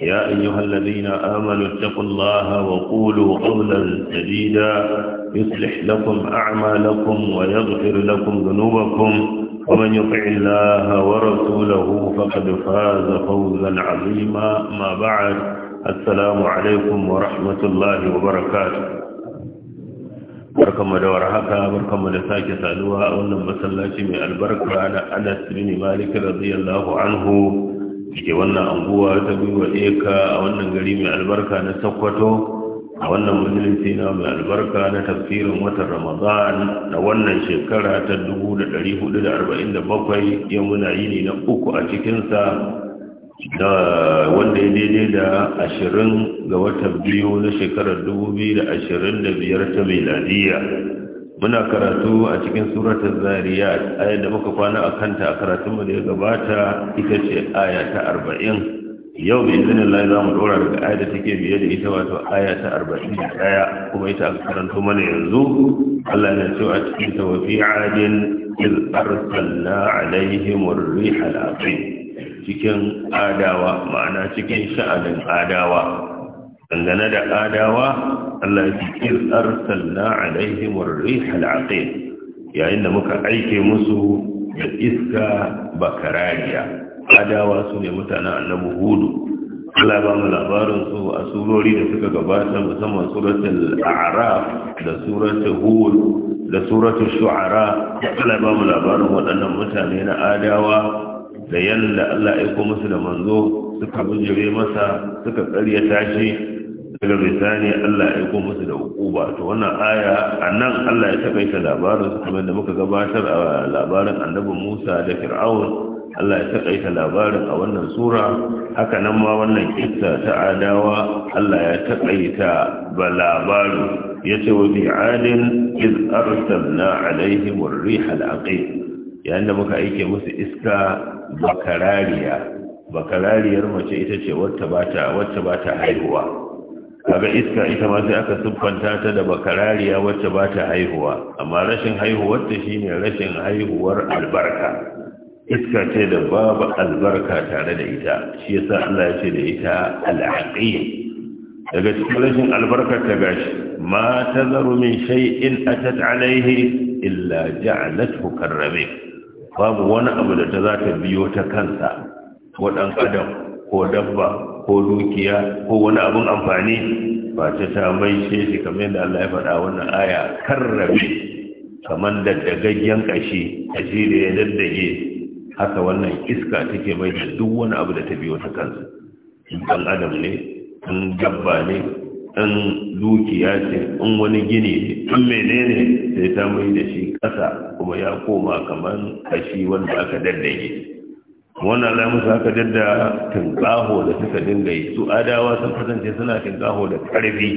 يا أيها الذين آمنوا اتقوا الله وقولوا قولا سديدا يصلح لكم أعمالكم ويغفر لكم ذنوبكم ومن يطع الله ورسوله فقد فاز فوزا عظيما ما بعد السلام عليكم ورحمة الله وبركاته barkanmu da warhaka barkanmu da sake saduwa a wannan masallaci mai albarka na Anas bin Malik radiyallahu anhu ke wannan anguwa ta gwiwa eka a wannan gari mai albarka na sakwato a wannan majalisi na mai albarka na tafsirin watan ramadan na wannan shekara ta 447 yau muna ne na uku a cikinsa da wanda ya daidai da ashirin ga watan biyu na shekarar 2025 ta miladiyya muna karatu a cikin suratul zariyat ayat da muka kwana a kanta a karatunmu da ya gabata ita ce aya ta arba'in yau bi izinin lai za mu dora daga aya da take biye da ita wato aya ta arba'in da ɗaya kuma ita aka karanto mana yanzu allah ce a cikin ta wa fi adin iz arsalna alaihim ar cikin adawa ma'ana cikin sha'anin adawa dangane da adawa Allah ya fikir arsalna alaihim rihal aqim yayin da muka aike musu da iska bakarariya adawa su ne mutanen annabi hudu Allah ba mu labarin su a surori da suka gabata musamman suratul a'raf da suratul hud da suratul shu'ara Allah ba mu labarin waɗannan mutane na adawa da yalla Allah ya aiko musu da manzo suka bujire masa suka ƙaryata tashi. daga bisani Allah ya aiko musu da hukuma to wannan aya a nan Allah ya takaita labarin kamar da muka gabatar a labarin annabi Musa da Fir'aun Allah ya takaita labarin a wannan sura haka nan ma wannan kissa ta adawa Allah ya takaita ba labarin yace wa fi adin iz arsalna alaihim ar-rih al-aqim yayin da muka aike musu iska bakarariya bakarariyar mace ita ce wacce ba ta wacce ba ta haihuwa kaga iska ita ma sai aka siffanta ta da bakarariya wacce ba ta haihuwa amma rashin haihuwarta shine rashin haihuwar albarka iska ce da babu albarka tare da ita shi yasa Allah ya ce da ita al daga cikin rashin albarka ta gashi ma tazaru min shay'in atat alaihi illa ja'alathu karrabi babu wani abu da ta za ta biyo ta kansa ko dan adam ko dabba ko dukiya ko wani abun amfani ba ta ta mai shi kamar yadda Allah ya faɗa wannan aya karrabe kamar da dagaggen kashi kashi da ya daddage haka wannan iska take mai da duk wani abu da ta biyo ta kansa in ɗan adam ne in dabba ne in dukiya ce in wani gini ne in menene sai ta mai da shi ƙasa kuma ya koma kamar kashi wanda aka daddage wannan alamun su haka da tinkaho da suka dinga yi su adawa sun kasance suna tinkaho da ƙarfi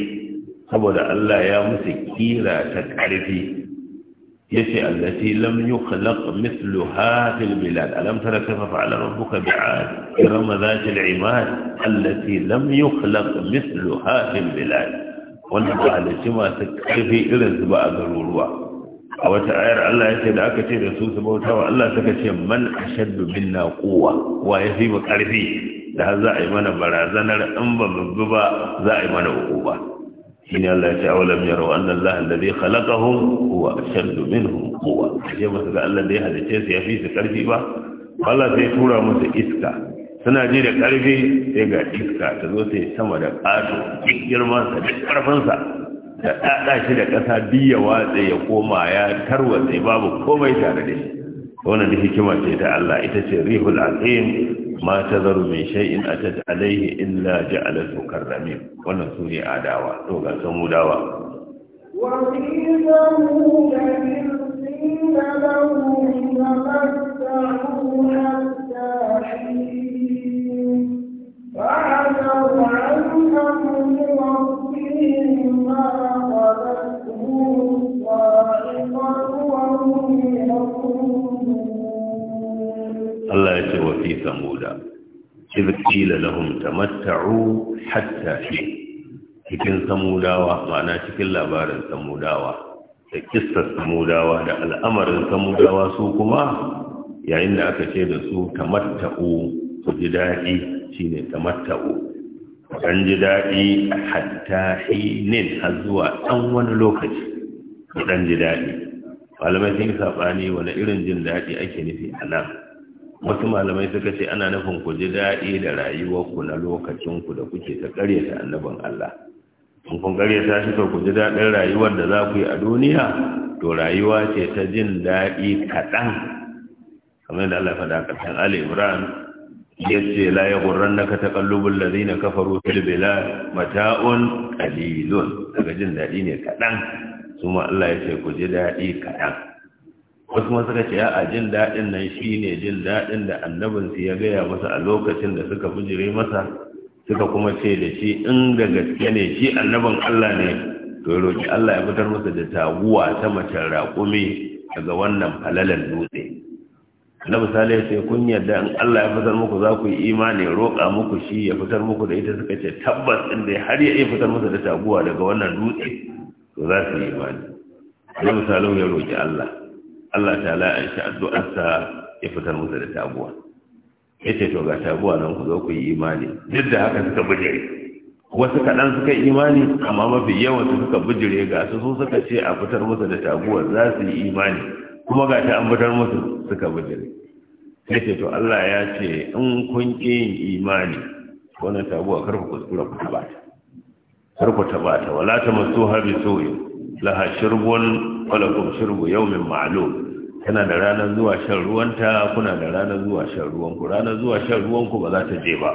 saboda Allah ya musu kira ta ƙarfi ya ce allati lam yi khalaq mislu hafil bilad alam tara kafa fa'ala rabbuka bi'ad irama zati al'imad allati lam yi khalaq mislu hafil bilad wanda ba halitta masu ƙarfi irin su ba a garuruwa a wata ayar Allah ya ce da aka ce da su su bauta wa Allah suka ce man ashaddu minna quwwa wa yafi mu karfi da har za a yi mana barazanar in ba mu ba za a yi mana hukuma shine Allah ya ce awalam yaro anna Allah alladhi khalaqahum huwa ashaddu minhum quwwa je ba su ga Allah da ya halice su yafi su karfi ba Allah sai tura musu iska suna ji da karfi sai ga iska ta zo sai sama da ƙato duk girman sa duk karfin sa da ɗaɗa shi da ƙasa ya watse ya koma ya tarwatse babu komai tare da shi wannan da hikima ce ta Allah ita ce rihul azim ma tazaru min shay'in atat alayhi illa ja'alahu karramin wannan sune adawa to ga san mudawa wa qila Allah ya ce wa fi samu da, Ƙirƙila lahun ta mattaru hatta shi, cikin samudawa, dawa, ma'ana cikin labarin samudawa, da ƙistar samu da al'amarin samudawa, su kuma yayin da aka ce da su ta su ji daɗi shi ne ta tamatta'u ɗan ji daɗi hatta hinin har zuwa ɗan wani lokaci ku dan ji daɗi malamai sun yi saɓani wani irin jin daɗi ake nufi a nan wasu malamai suka ce ana nufin ku ji daɗi da rayuwarku na lokacinku da kuke ta ƙaryata annabin Allah in kun ƙaryata shi to ku ji daɗin rayuwar da za ku yi a duniya to rayuwa ce ta jin daɗi kaɗan kamar yadda Allah faɗa ƙarshen Ali Ibrahim yace la yaghurrannaka taqallubul ladina kafaru fil bilad mata'un qalilun daga jin dadi ne kadan kuma Allah yace ku ji dadi kadan wasu ma suka ce a jin dadin nan shine jin dadin da annabin su ya gaya masa a lokacin da suka bujire masa suka kuma ce da shi in da gaske ne shi annabin Allah ne to roki Allah ya fitar masa da taguwa ta mace raƙumi daga wannan halalan dutse Na misali ya ce kun yarda in Allah ya fitar muku za ku yi imani roƙa muku shi ya fitar muku da ita suka ce tabbas ɗin da har ya iya fitar musu da taguwa daga wannan dutse to za su yi imani Na misali ya roƙi Allah Allah ta la'a shi addu'arsa ya fitar musu da taguwa ce to ga taguwa nan ku zo ku yi imani duk da haka suka bijire wasu kaɗan suka yi imani amma mafi yawan suka bijire ga su suka ce a fitar musu da taguwa za su yi imani kuma ga ta ambatar musu suka bujire sai ce to Allah ya ce in kun ƙi yin imani wannan tabuwa kar ku kuskura ku ta kar karfa ta bata wala ta masu habi soyi ha shirbun kum shirbu yawmin ma'lum kana da ranar zuwa shan ruwanta kuna da ranar zuwa shan ruwanku ranar zuwa shan ruwanku ba za ta je ba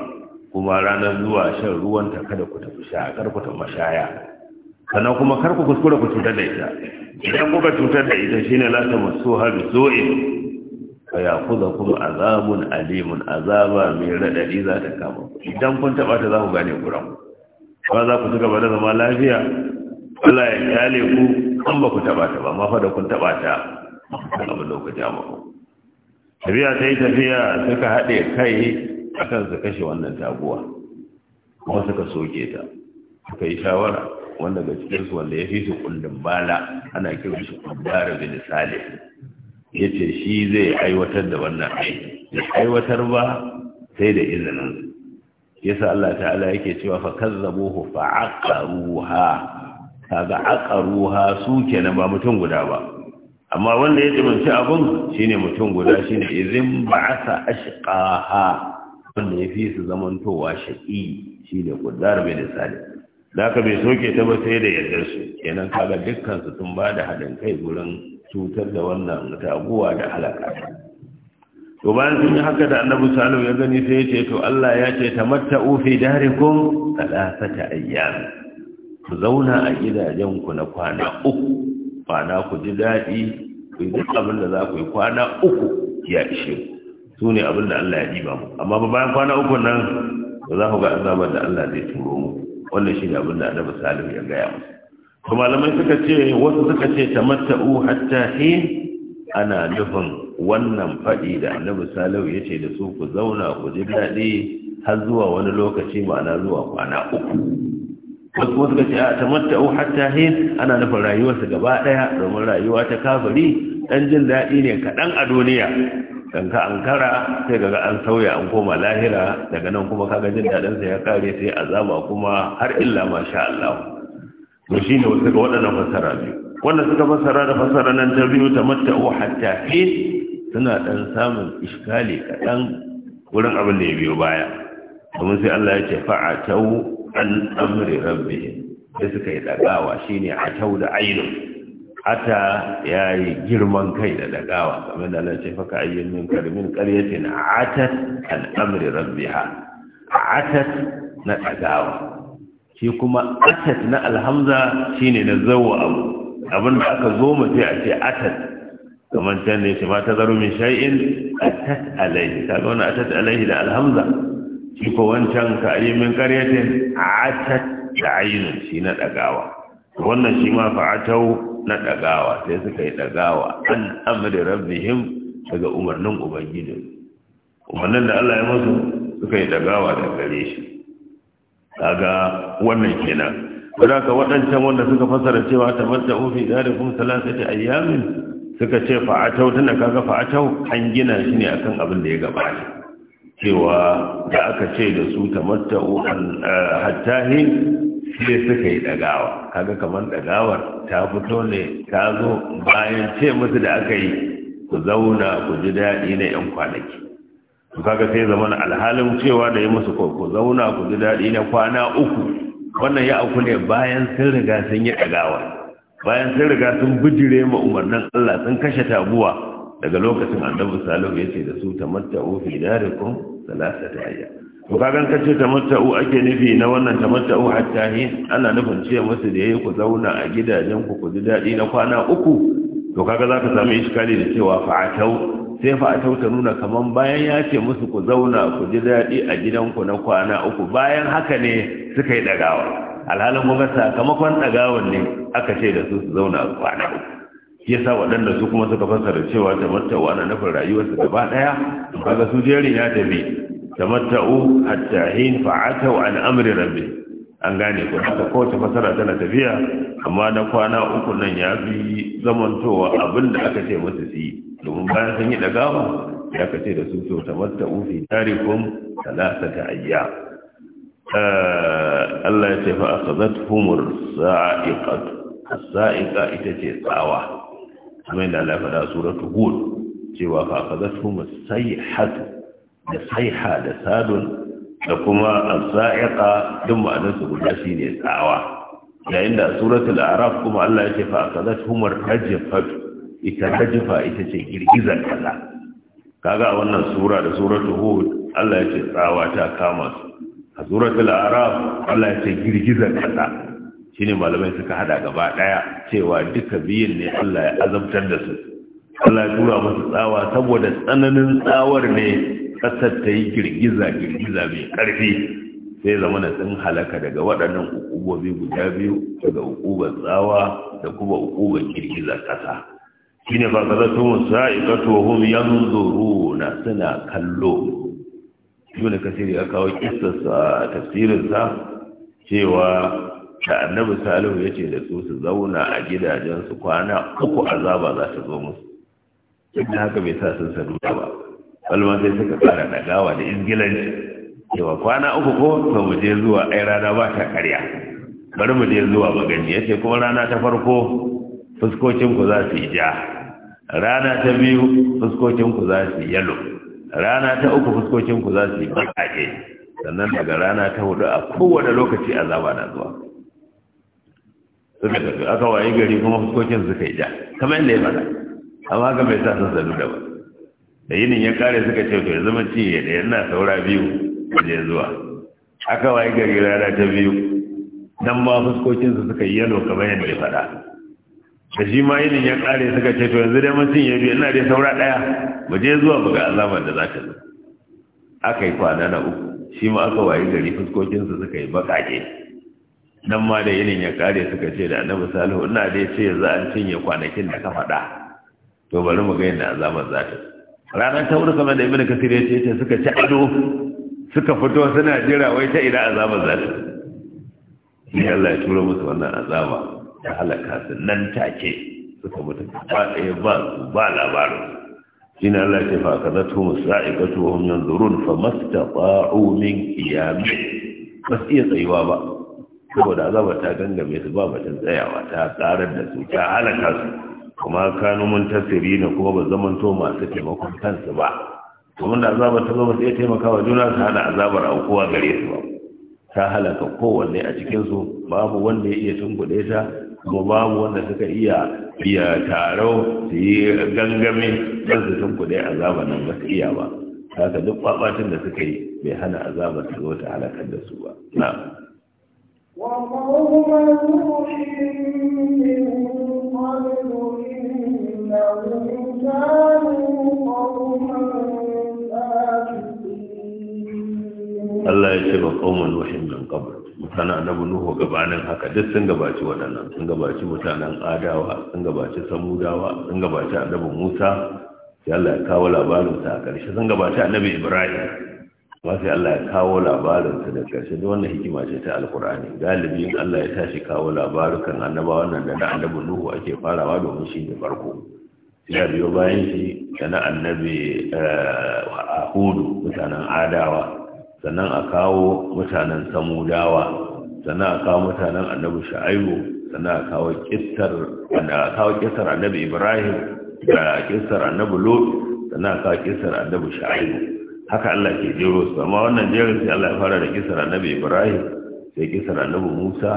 kuma ranar zuwa shan ruwanta kada ku tafi sha kar ta mashaya sannan kuma kar ku kuskura ku cutar da ita idan kuka cutar da ita shine la ta masu habi zo'in fa yakuza kuma azabun alimun azaba mai radadi za ta kama idan kun taba ta za ku gane ku. ba za ku ci gaba da zama lafiya Allah ya kyale ku an ba ku taba ta ba ma fa da kun taba ta abin da kuka jama ku tafiya ta yi tafiya suka haɗe kai akan su kashe wannan taguwa kuma suka soke ta suka yi shawara wanda ga su wanda ya fi su kullum bala ana kiran shi kubbara bin salih ya shi zai aiwatar da wannan aiki ya aiwatar ba sai da izinin yasa Allah ta'ala yake cewa fa kazzabuhu fa aqaruha kaga aqaruha su kenan ba mutum guda ba amma wanda ya jimanci abun shine mutum guda shine izin ba'asa ashqaha wanda ya fi su zamantowa shaqi shine kuddar bin salih da aka bai soke ta ba sai da yadda su kenan kaga dukkan su sun ba da haɗin kai gurin cutar da wannan taguwa da halaka to bayan sun yi haka da annabi salihu ya gani sai ya ce to Allah ya ce ta tamatta'u fi darikum thalathata ayyam ku zauna a gidajen ku na kwana uku kwana ku ji daɗi ku yi duk abin da za ku yi kwana uku ya ishe su ne abin da Allah ya ɗiba mu amma bayan kwana uku nan ba za ku ga azabar da Allah zai turo mu wannan ne abin da annabi salihu ya gaya musu to malamai suka ce wasu suka ce tamatta'u hatta hi ana nufin wannan faɗi da annabi salihu ya ce da su ku zauna ku ji daɗi har zuwa wani lokaci ma'ana zuwa kwana uku wasu suka ce cewa hatta hi ana nufin rayuwarsa gaba ɗaya domin rayuwa ta kafiri ɗan jin daɗi ne kaɗan a duniya dan ka an kara sai kaga an sauya an koma lahira daga nan kuma kaga jin dadin sa ya kare sai azaba kuma har illa masha Allah to shine wasu ga waɗannan fasara biyu wanda suka fasara da fasara nan ta biyu ta matta'u hatta fi suna dan samun iskali kadan wurin abin da ya biyo baya domin sai Allah ya ce fa'atau an amri rabbihim sai suka yi dagawa shine atau da Aino. ata ya yi girman kai da dagawa kamar da Allah ce faka ayyin min karimin qaryatin atat an amri rabbiha atat na dagawa shi kuma atat na alhamza shine na zawwa abu abin da aka zo mu sai a ce atat kamar can ne shi ma ta zaru min shay'in atat alaihi kaga wannan atat alaihi da alhamza shi ko wancan ka ayyin min qaryatin atat da ayyun shi na dagawa wannan shi ma fa'atau na ɗagawa sai suka yi ɗagawa an amri rabbihim daga umarnin ubangiji umarnin da Allah ya masu suka yi ɗagawa da gare shi kaga wannan kenan saboda ka waɗancan wanda suka fasara cewa tabatta ufi kuma salasati ayyamin suka ce atau tana kaga atau an gina shi ne akan abin da ya gabata cewa da aka ce da su tamatta'u eh, hin sai suka yi dagawa kaga kamar dagawar ta fito ne ta zo bayan ce musu da aka yi ku zauna ku ji daɗi na 'yan kwanaki su kaga sai zaman alhalin cewa da yi musu ku zauna ku ji daɗi na kwana uku wannan ya auku ne bayan sun riga sun yi dagawa bayan sun riga sun bijire ma umarnin Allah sun kashe tabuwa daga lokacin annabi salihu ya ce da su tamatta'u fi darikum salasata ayyam to kagan ka ce tamatta'u ake nufi na wannan tamatta'u hatta hin ana nufin ce musu da yayi ku zauna a gidajen ku ku ji daɗi na kwana uku to kaga zaka samu iskali da cewa fa'atau sai fa'atau ta nuna kaman bayan ya ce musu ku zauna ku ji daɗi a gidanku na kwana uku bayan haka ne suka yi ɗagawa alhalin kuma sakamakon ɗagawan ne aka ce da su su zauna a kwana uku ya sa waɗanda su kuma suka fassara cewa da ana nufin rayuwarsu gaba ɗaya kaga su jerin ya tafi tamatta'u hatta hin fa'atau an amri rabbi an gane ku haka fasara tana tafiya amma na kwana uku nan ya fi zamantowa abinda aka ce musu su yi domin bayan sun yi dagawa ya ka ce da su so tamatta'u fi tarikum talatata ayya eh, Allah ya ce fa akhadathumur sa'iqatu as-sa'iqa ita ce tsawa kamar da Allah ya faɗa suratu hud cewa fa akhadathum as-sayhatu da saiha da sadun da kuma as-sa'iqa duk su guda shine tsawa yayin da suratul araf kuma Allah ya ce fa akadat humar rajfat ita ita ce girgizar kaza kaga a wannan sura da suratul hud Allah ya ce tsawa ta kama su a suratul araf Allah ya ce girgizar kaza shine malamai suka hada gaba daya cewa duka biyin ne Allah ya azabtar da su Allah ya tura musu tsawa saboda tsananin tsawar ne ƙasar ta yi girgiza girgiza mai ƙarfi sai zama na sun halaka daga waɗannan hukubobi guda biyu daga hukubar tsawa da kuma hukubar girgiza ƙasa shi ne fasaratu musa'iqatu zoro na suna kallo ibn kasir ya kawo kistarsa a tafsirinsa cewa ta annabi salihu ya ce da su su zauna a gidajensu kwana uku azaba za ta zo musu Ina haka bai sa sun saduda ba kalma sai suka da dagawa da Ingilanci. cewa kwana uku ko to mu je zuwa ai rana ba ta karya bari mu je zuwa magani yace kuma rana ta farko fuskokin ku za su yi ja rana ta biyu fuskokin ku za su yi yalo rana ta uku fuskokin ku za su yi bakake sannan daga rana ta hudu a kowane lokaci azaba na zuwa suka tafi aka waye gari kuma fuskokin su yi ja kamar yadda ya faɗa amma ga mai sa sun sanu da ba da yinin ya kare suka ce to ya zama ci da yana saura biyu je zuwa aka waye gari rana ta biyu dan ma fuskokinsu suka yi yalo kamar yadda ya faɗa da shi ma yinin ya kare suka ce to yanzu dai mutum ya biyu ina dai saura ɗaya mu je zuwa mu ga alamar da za ta zo aka yi kwana na uku shi ma aka waye gari fuskokinsu suka yi baƙaƙe nan ma da yinin ya kare suka ce da annabi salihu ina dai ce yanzu an cinye kwanakin da ka faɗa to bari mu ga yadda alamar za ta zo ranar ta wuri kamar da ibn kasir ya ce suka ci ado suka fito suna jira wai ta ina azaba za su ni Allah ya tura musu wannan azaba ta halaka su nan take suka mutu ba ɗaya ba su ba labarin shi ne Allah ya ce fa kaza tu musa'ikatu wa hum yanzurun fa ba'u min qiyami ba su iya tsayuwa ba saboda azaba ta gangame su ba batun tsayawa ta tsarar da su ta halaka su kuma kanu mun tasiri ne kuma ba zamanto masu taimakon kansu ba Kuma da azabar ta zama sai taimaka wa juna su hana azabar aukuwa gare su ba ta halaka kowanne a cikinsu babu wanda ya iya tungude ta kuma babu wanda suka iya iya taro su yi gangame don su tungude azabar nan ba su iya ba haka duk babatin da suka yi bai hana azabar ta zo ta halakar da su ba na Allah ya ce ba qauman nuhin min qabl na annabi nuhu gabanin haka duk sun gabaci waɗannan sun gabaci mutanen adawa sun gabaci samudawa sun gabaci annabi musa sai Allah ya kawo labarin sa a ƙarshe sun gabaci annabi ibrahim ma sai Allah ya kawo labarin sa da ƙarshe da wannan hikima ce ta alkur'ani galibi Allah ya tashi kawo labarukan annaba nan da na annabi nuhu ake farawa domin shi ne farko ya biyo bayan shi da na annabi eh, hudu mutanen adawa sannan a kawo mutanen samudawa sannan a kawo mutanen annabi shu'aibu sannan a kawo kissar a kawo kistar annabi ibrahim da kistar annabi lut sannan a kawo kistar annabi shu'aibu haka Allah ke jero su amma wannan jerin sai Allah ya fara da kistar annabi ibrahim sai kistar annabi musa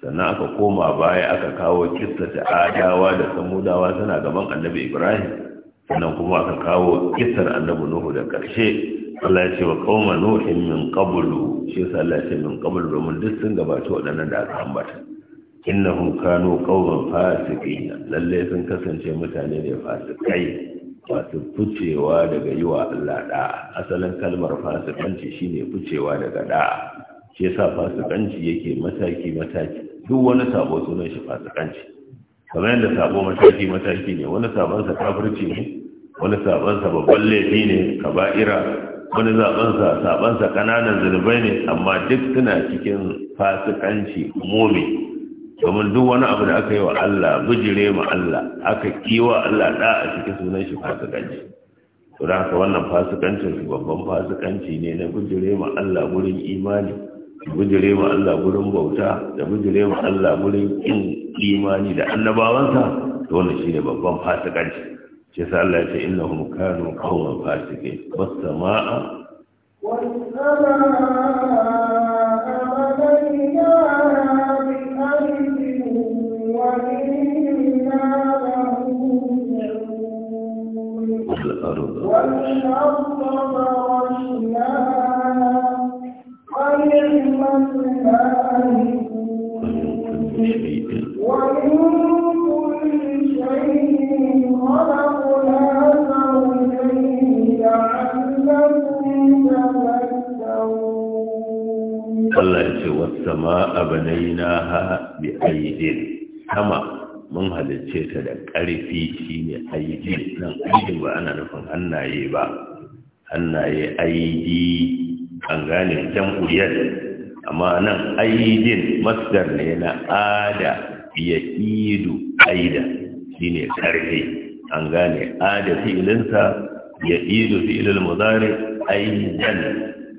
sannan aka koma baya aka kawo kistar ta adawa da samudawa tana gaban annabi ibrahim sannan kuma aka kawo kistar annabi nuhu da karshe Allah ya ce wa kauma nuhin min qablu shi yasa Allah ya ce min qablu domin duk sun gabata waɗannan da aka ambata innahum kanu qauman fasiqina lalle sun kasance mutane ne fasikai wato ficewa daga yi wa Allah da asalin kalmar fasikanci shine ficewa daga da shi yasa fasikanci yake mataki mataki duk wani sabo sunan shi fasikanci kamar yadda sabo mataki mataki ne wani sabon sa kafirci ne wani sabon sa babban laifi ne kaba'ira wani zaɓensa saɓensa ƙananan zunubai ne amma duk suna cikin fasikanci momi domin duk wani abu da aka yi wa Allah bijire ma Allah aka kiwa Allah da a cikin sunan shi fasikanci to da haka wannan fasikancin su babban fasikanci ne na bijire ma Allah gurin imani bijire ma Allah gurin bauta da bijire ma Allah gurin kin imani da annabawansa to wannan shine babban fasikanci جزال الله فإنهم كانوا قوما فاسقين والسماء والأرض والأرض وشيئا وإن sama'a banainaha bi aidin sama mun halicce ta da ƙarfi shi ne aidin nan aidin ba ana nufin hannaye ba hannaye aidi an gane jan uriyar amma nan aidin masdar ne na ada ya idu aida shine ƙarfi an gane ada fi'ilinsa ya idu fi'ilil mudari aidan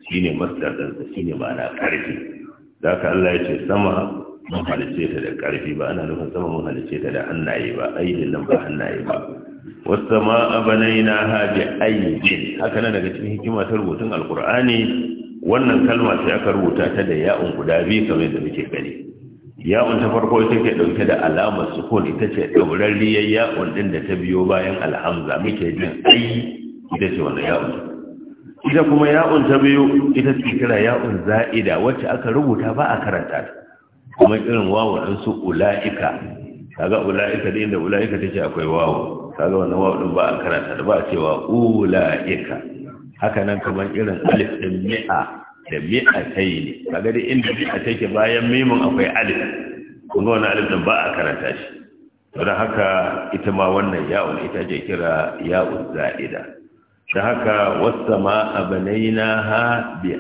shine masdar ɗansa shine ma'ana ƙarfi da haka Allah ya ce sama mun halice ta da ƙarfi ba ana nufin sama mun halice ta da hannaye ba aidin nan ba hannaye ba wasu ma abanai na haji aidin haka na daga cikin hikima ta rubutun alkur'ani wannan kalma sai aka rubuta ta da ya'un guda biyu kamar yadda muke gani ya'un ta farko ita ke ɗauke da alamar sukun ita ce ɗaurarriyar ya'un ɗin da ta biyo bayan alhamza muke jin ai ita ce wannan ya'un ita kuma ya'un ta biyu ita ce kira ya'un za'ida wacce aka rubuta ba a karanta ta kuma irin wawo ɗin su ula'ika kaga ula'ika da inda ula'ika take akwai wawo kaga wannan wawo ɗin ba a karanta da ba a cewa ula'ika haka nan kamar irin alif ɗin mi'a da mi'a ta yi ne kaga da inda mi'a take bayan mimin akwai alif kun ga wannan alif ɗin ba a karanta shi don haka ita ma wannan ya'un ita ce kira ya'un za'ida da haka wasu ma abanai na ha bi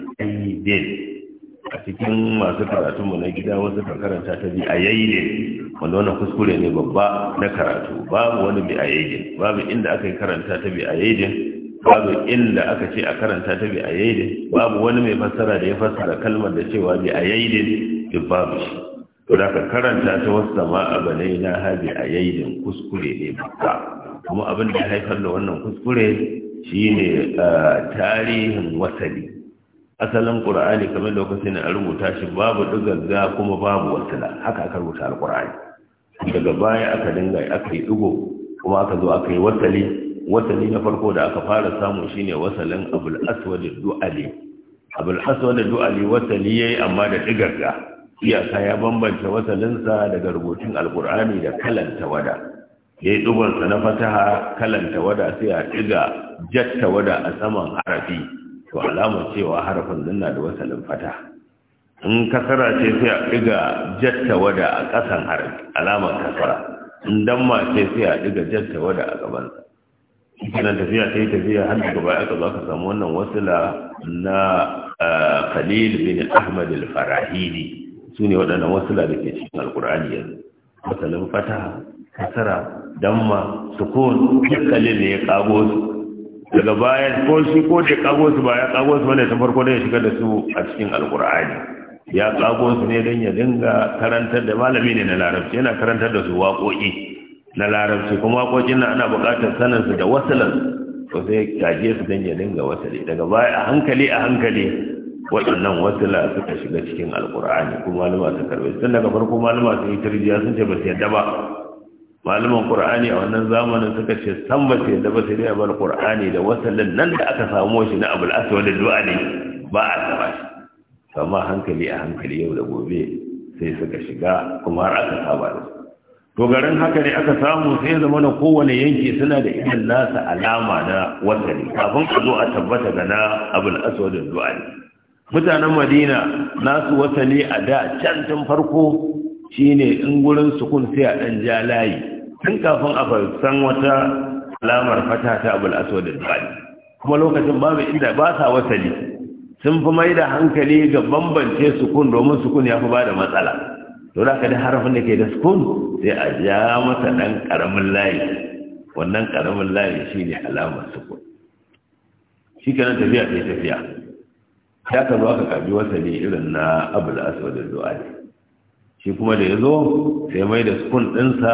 a cikin masu karatunmu na gida wasu karanta ta bi a wanda wannan kuskure ne babba na karatu babu wani bi babu inda aka yi karanta ta bi babu inda aka ce a karanta ta bi a babu wani mai fassara da ya fassara kalmar da cewa bi a duk babu shi to da karanta ta wasu ma abanai na ha bi a kuskure ne babba kuma abin da ya haifar da wannan kuskure shine tarihin wasali asalin ƙur'ani kamar lokacin a rubuta shi babu dugagga kuma babu wasila haka aka rubuta al-ƙura'ani daga baya aka dinga aka yi ɗigo. kuma aka zo aka yi wasali wasali na farko da aka fara samu shine wasalin abul du'ali abul du'ali wasali yayi amma da dugagga iyaka ya bambanta wasalinsa daga rubutun alqur'ani da kalanta wada yayi yi ɗigonsa na fataha kalanta wada sai a ɗiga jatta wada a saman harafi to alama cewa harafin nan da wasalin fata in kasara ce sai a diga jatta wada a kasan harafi alamar kasara in damma ce sai a diga jatta wada a gaban nan tafiya ta yi tafiya har daga baya aka za ka samu wannan wasila na eh, khalil bin ahmad al-farahidi su ne waɗannan wasila da ke cikin alkur'ani yanzu wasalin fata kasara damma sukun duk ne ya kago su daga baya ko shi ko da kago su ba ya kago su bane ta farko da ya shiga da su a cikin alkur'ani ya kago su ne don ya dinga karantar da malami ne na larabci yana karantar da su waƙoƙi na larabci kuma waƙoƙin na ana buƙatar sanin su da wasalan ko sai je su don ya dinga wasali. daga baya a hankali a hankali waɗannan wasala suka shiga cikin alkur'ani kuma malama su karbe tun daga farko malama su yi tarjiya sun ce ba su yadda ba malaman qur'ani a wannan zamanin suka ce san ba sai da ba sai dai bar qur'ani da wasallan nan da aka samu shi na abul aswad du'a ne ba a saba shi amma hankali a hankali yau da gobe sai suka shiga kuma har aka saba da su to garin haka ne aka samu sai ya zama na kowane yanki suna da irin nasa alama na wasali. kafin a zo a tabbata ga na abin aswadin du'ani mutanen madina nasu wasali a da can tun farko shine in gurin sukun sai a ɗan ja layi tun kafin a san wata alamar fata ta abul aswad al-bali kuma lokacin babu inda ba sa wasali sun fi mai da hankali ga bambance sukun domin sukun ya fi ba matsala to da ka da harafin da ke da sukun sai a ja masa dan karamin layi wannan karamin layi shine alamar sukun shi kenan tafiya sai tafiya ya ka zo aka kabi wasali irin na abul aswad al-du'ali shi kuma da ya zo sai mai da sukun ɗinsa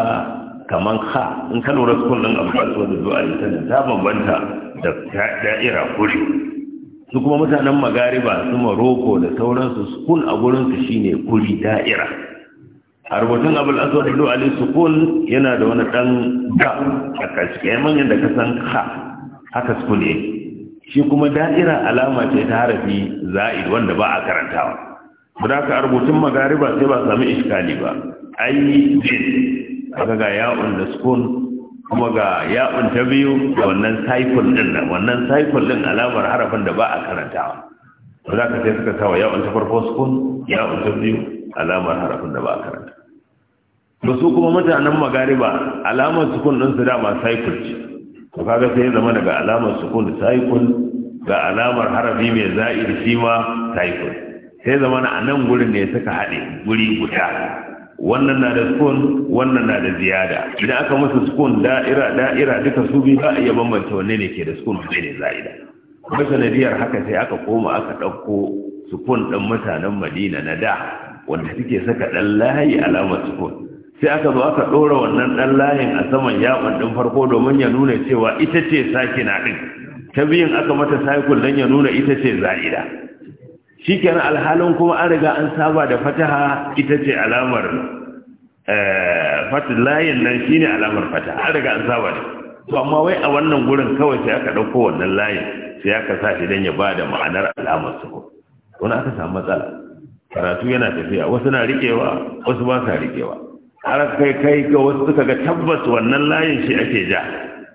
kaman ha in ka lura sukun ɗin a kasuwa da zuwa ita ta bambanta da da'ira kuri su kuma mutanen magariba su maroko da sauransu sukun a gurinsu shine kuri da'ira a rubutun abu al'aswa da zuwa sukun yana da wani ɗan ga a kashe manyan da ka san ha haka sukun ne shi kuma da'ira alama ce ta harafi za'id wanda ba a karantawa ba ka a rubutun magariba sai ba sami iskali ba ai jin kaga ga ya'un da sukun kuma ga ya'un ta biyu da wannan cycle din nan wannan cycle din alamar harafin da ba a karantawa to zaka sai suka wa ya'un ta farko spoon ya'un ta biyu alamar harafin da ba a karanta ba su kuma mutanen magariba alamar sukun din su dama cycle ce to kaga sai zama daga alamar sukun cycle ga alamar harafi mai za'ir shi ma cycle sai zama a nan gurin ne suka haɗe guri guda wannan na da sukun wannan na da ziyada idan aka masa sukun da'ira da'ira duka su biyu ba a iya bambanta wanne ne ke da sukun wanne ne za'ida kuma sanadiyar haka sai aka koma aka ɗauko sukun ɗin mutanen madina na da wanda suke saka ɗan layi alamar sukun sai aka zo aka ɗora wannan ɗan layin a saman yaƙon ɗin farko domin ya nuna cewa ita ce sakina ɗin ta biyun aka mata cycle don ya nuna ita ce za'ida shi kenan alhalin kuma an riga an saba da fataha ita ce alamar eh, fatin layin nan shi ne alamar fataha an riga an saba da to amma wai a wannan gurin kawai sai aka ɗauko wannan layin sai aka sa shi don ya ba da ma'anar alamar su wani aka samu matsala karatu yana tafiya wasu na riƙewa wasu ba sa riƙewa har kai kai ga wasu suka ga tabbas wannan layin shi ake ja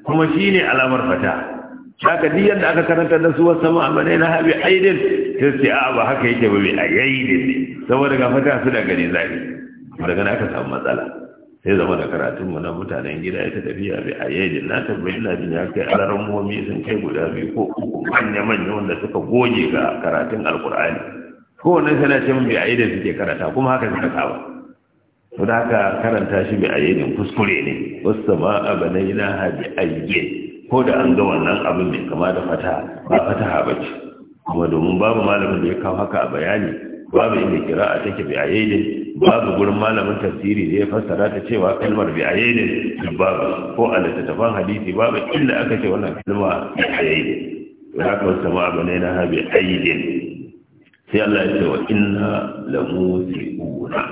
kuma shi ne alamar fataha haka duk yadda aka karanta da suwar sama a ne na habi aidin ta ce a ba haka yake ba mai ayaidin saboda ga fata su daga gani zaki daga na aka samu matsala sai zama da karatun mu na mutanen gida ya ta tafiya bi ayaidin na tabbai ina jin ya kai alaran momi sun kai guda biyu ko uku manya manya wanda suka goge ga karatun alkur'ani ko wannan sai na ce bai bi ayaidin suke karata kuma haka suka saba saboda haka karanta shi bi ayaidin kuskure ne wasu sama'a ina habi ayaidin ko da an ga wannan abin mai kama da fata ba fataha ba ce kuma domin babu malamin da ya kawo haka a bayani babu inda a take bi ayyadin babu gurin malamin tafsiri da ya fassara ta cewa kalmar bi ayyadin babu ko a littattafan hadisi babu inda aka ce wannan kalma bi ayyadin ya wasu sama abu ne na bi ayyadin sai Allah ya ce wa inna la musiuna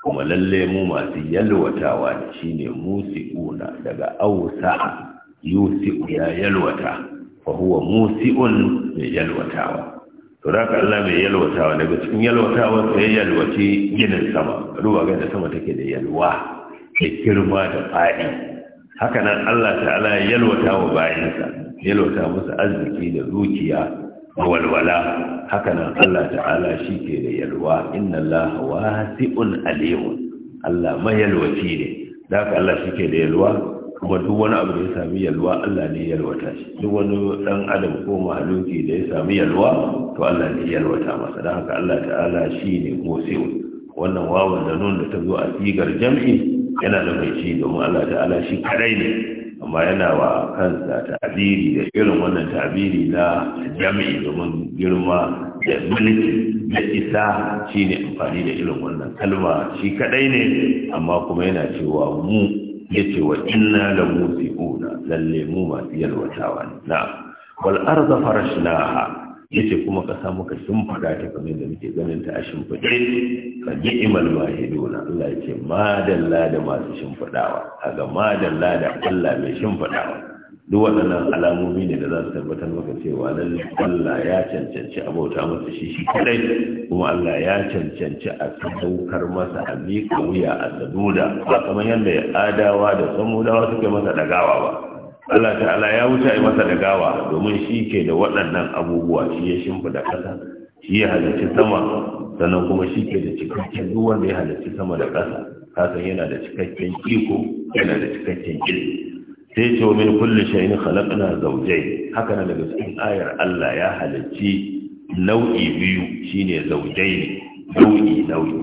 kuma lalle mu masu yalwatawa shine musiuna daga ausa yusi'u ya yalwata fa huwa musi'un mai yalwatawa to da ka Allah mai yalwatawa daga cikin yalwatawa sai yalwati ginin sama ruwa ga da sama take da yalwa da girma da faɗi haka nan Allah ta'ala ya yalwata wa bayinsa yalwata musu arziki da dukiya da walwala haka nan Allah ta'ala shi ke da yalwa inna Allah wasi'un alimun Allah yalwaci ne da Allah shi ke da yalwa kuma duk wani abu da ya sami yalwa Allah ne yalwata shi duk wani dan adam ko mahaluki da ya sami yalwa to Allah ne yalwata masa don haka Allah ta'ala shi ne musiu wannan wawan da nun da ta zo a sigar jam'i yana da mai shi domin Allah ta'ala shi kadai ne amma yana wa kansa tabiri da irin wannan tabiri na jam'i domin girma da mulki da isa shine amfani da irin wannan kalma shi kadai ne amma kuma yana cewa mu yace wa inna la na lalle mu masu yalwatawa ne na wal arda Ya yace kuma kasa muka shimfada ta kamar da muke ganin ta a shimfade fa ni'mal mahiduna Allah yace madalla da masu shimfadawa kaga madalla da Allah mai shimfadawa duk waɗannan alamomi ne da za su tabbatar maka cewa lallai Allah ya cancanci a bauta masa shi shi kadai kuma Allah ya cancanci a saukar masa a miƙa wuya a saduda ba kamar yadda ya adawa da samudawa suke masa dagawa ba Allah ta'ala ya wuce a masa dagawa domin shi ke da waɗannan abubuwa shi ya shimfida ƙasa shi ya halarci sama sannan kuma shi ke da cikakken duk wanda ya halarci sama da ƙasa kasan yana da cikakken iko yana da cikakken ilimi sai ce wa min kulli shay'in khalaqna zawjayn haka nan daga cikin ayar Allah ya halicci nau'i biyu shine zawjayn nau'i nau'i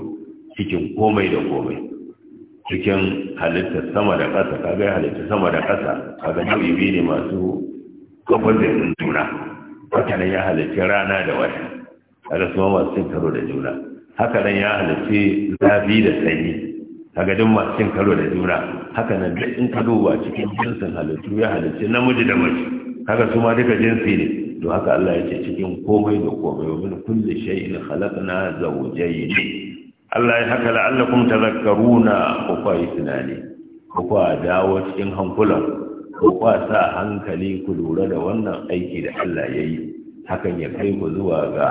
cikin komai da komai cikin halitta sama da ƙasa kaga ya halitta sama da ƙasa kaga nau'i biyu ne masu kafar da juna haka nan ya halitta rana da wata kaga su ma masu cin karo da juna haka nan ya halitta zafi da sanyi kaga duk masu cin karo da juna haka nan duk in ka duba cikin jinsin halittu ya halitta namiji da mace haka su ma duka jinsi ne to haka Allah ya ce cikin komai da komai wa min kulli shay'in khalaqna zawjayn Allah ya haka la'allakum tadhakkaruna ko kwa tunani ko kwa dawo cikin hankulan ko kwa sa hankali ku lura da wannan aiki da Allah ya yi hakan ya kai ku zuwa ga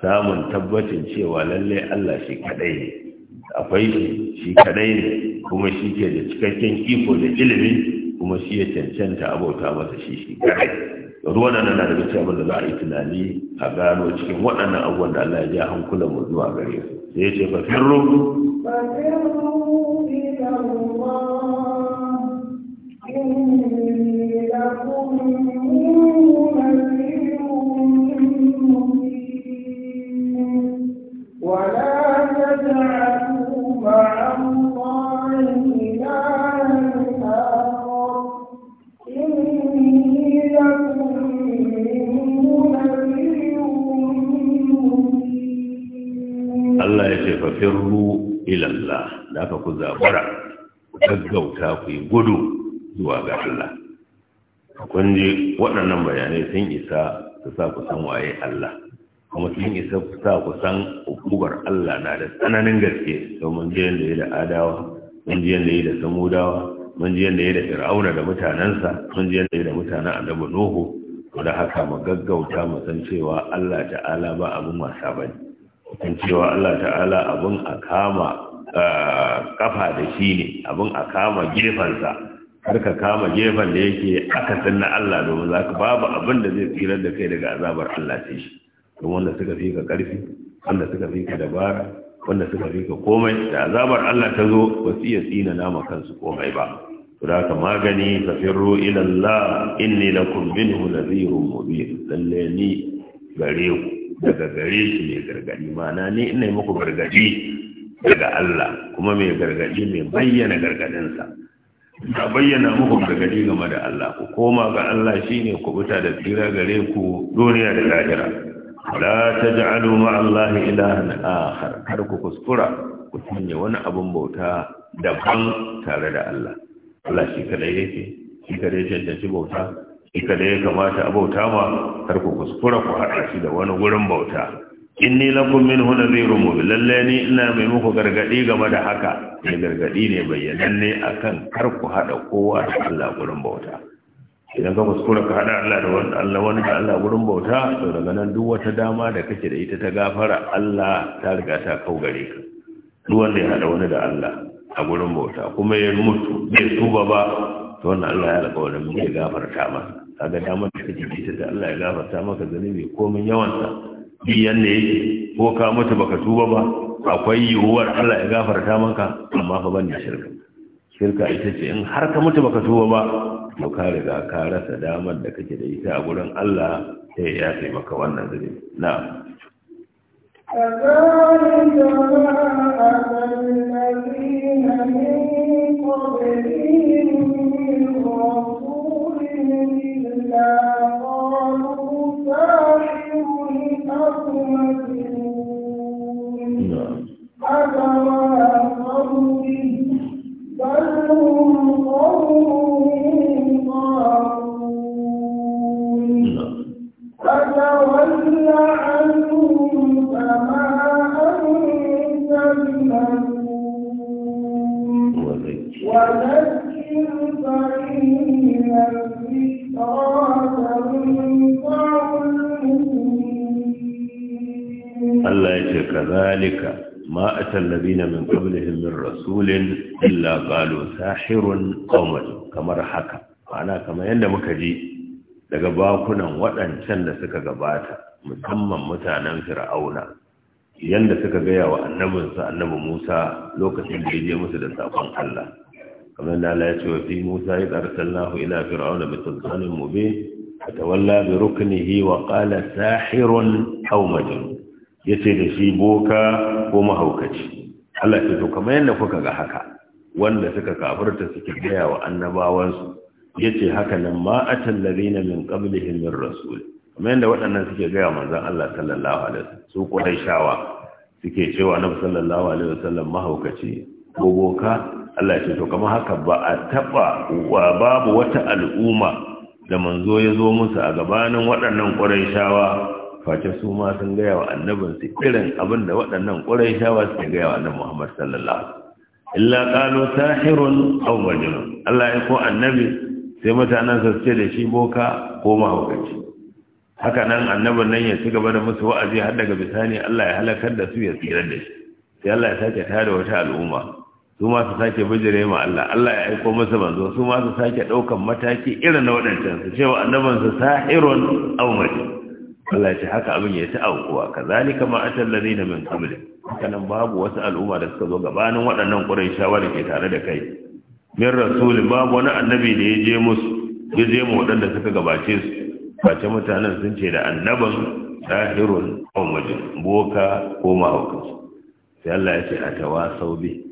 samun tabbacin cewa lalle Allah shi kadai ne akwai shi kadai ne kuma shi ke da cikakken iko da ilimi kuma shi ya cancanta abota masa shi shi kadai yanzu waɗannan na daga cikin abin da za a yi tunani a gano cikin waɗannan abubuwan da Allah ya ja hankulan mu zuwa gare su sai ya ce fa firru ku yi gudu zuwa ga Allah kun ji waɗannan bayanai sun isa su sa ku san waye Allah kuma sun isa su sa ku san hukumar Allah na da tsananin gaske mun ji yadda ya da adawa mun ji yadda ya da samudawa mun ji yadda ya da fir'auna da mutanensa mun ji yadda ya da mutanen annabi nuhu da haka mu gaggauta mu san cewa Allah ta'ala ba abin wasa bane san cewa Allah ta'ala abin a kama kafa da shi ne abin a kama gefansa har ka kama gefen da yake san na Allah domin za ka babu abin da zai tsirar da kai daga azabar Allah ce shi don wanda suka fi ka ƙarfi wanda suka fi ka dabara wanda suka fi ka komai da azabar Allah ta zo ba su iya tsina nama kansu komai ba da ka magani safirru ilallah inni lakum minhu nadhirun mubin lalle ni gare ku daga gare shi ne gargadi mana ni ina muku gargadi daga Allah kuma mai gargaɗi mai bayyana gargaɗinsa a bayyana muku gargadi game da Allah ku koma ga Allah shine ku buta da tsira gare ku duniya da lahira la taj'alu ma'a Allah ilahan akhar har ku kuskura ku sanya wani abun bauta daban tare da Allah Allah shi kadai yake shi kadai yake bauta shi kadai ya kamata a bauta ma har ku kuskura ku haɗa shi da wani gurin bauta inni lakum huna nadhirun mu lalle ni ina mai muku gargadi game da haka ne gargadi ne ne akan kar ku hada kowa da Allah gurin bauta idan ka kuskura ka hada Allah da wani Allah wani da Allah gurin bauta to daga nan duk wata dama da kake da ita ta gafara Allah ta riga ta kau gare ka duk wanda ya hada wani da Allah a gurin bauta kuma ya mutu bai tuba ba to wannan Allah ya alƙawarin ya gafarta masa kaga dama da kake da ita da Allah ya gafarta maka zanubi komai yawan sa biyan ne ko ka mutu baka tuba ba akwai yiwuwar Allah ya gafarta maka amma fa ban shirka shirka ita ce in har ka mutu baka tuba ba to ka riga ka rasa damar da kake da ita a gurin Allah sai ya sai maka wannan zuri na إلا قالوا ساحر أو مجنون أتواصوا به بل هم قوم ذلك ما أتى الذين من قبلهم من رسول إلا قالوا ساحر قوم كما رحك معنى كما يندمك جي daga bakunan waɗancan da suka gabata musamman mutanen fir'auna yanda suka gaya wa annabinsu annabi Musa lokacin da ya je musu da sakon Allah kamar da Allah ya ce wa fi Musa ya arsalnahu ila fir'auna bi sultanin mubin fatawalla bi ruknihi wa qala sahirun aw majnun ya ce da shi boka ko mahaukaci Allah ce to kamar yadda kuka ga haka wanda suka kafirta suke gaya wa annabawansu ya ce haka nan ma a tallare na min ƙablihin min rasul kamar yadda waɗannan suke gaya manzan Allah sallallahu alaihi wasallam su ƙwarai shawa suke cewa na sallallahu alaihi wasallam mahaukaci ko boka Allah ce to kamar haka ba a taɓa wa babu wata al'umma da manzo ya zo musu a gabanin waɗannan ƙwarai shawa face su ma sun gaya wa annabin su irin abin da waɗannan ƙurai shawa suke gaya wa annabi Muhammad sallallahu alaihi wasallam illa qalu sahirun aw majnun Allah ya ko annabi sai mutanen sa ce da shi boka ko mahaukaci haka nan annabin nan ya ci gaba da musu wa'azi har daga bisani Allah ya halakar da su ya tsira da shi sai Allah ya sake tare wata al'umma su ma su sake bijire ma Allah Allah ya aiko masa manzo su ma su sake daukan mataki irin na waɗancan su cewa annabin sa sahirun aw majnun Allah ya ce haka abin ya ta aukuwa kazalika ma atal ladina min qablik kanan babu wasu al'umma da suka zo gabanin waɗannan qurayshawa da ke tare da kai min rasulin babu wani annabi da ya je musu ya je mu waɗanda suka gabace su face mutanen sun ce da annaban tahirun aw boka ko mahaukaci sai Allah ya ce atawasau bi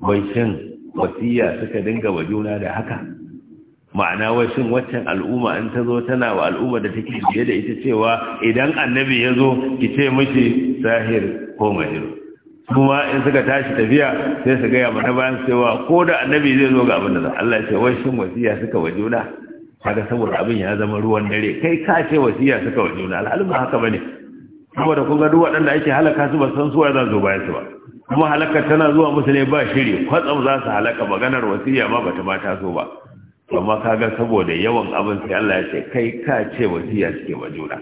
bai shin wasiya suka dinga wa juna da haka ma'ana wai shin waccan al'umma in ta zo tana wa al'umma da take biye da ita cewa idan annabi ya zo ki ce mishi sahir ko mahir. kuma in suka tashi tafiya sai su gaya mana bayan cewa ko da annabi zai zo ga abin da Allah ya ce wai shin wasiya suka wa juna kaga saboda abin ya zama ruwan dare kai ka ce wasiya suka wa juna ba haka bane saboda kun ga duk waɗanda ake halaka su ba san suwa za zo bayan su ba kuma halakar tana zuwa musu ne ba shiri kwatsam za su halaka maganar wasiya ma bata ba ta so ba amma kaga saboda yawan abin sai Allah ya ce kai ka ce wasiya suke wa juna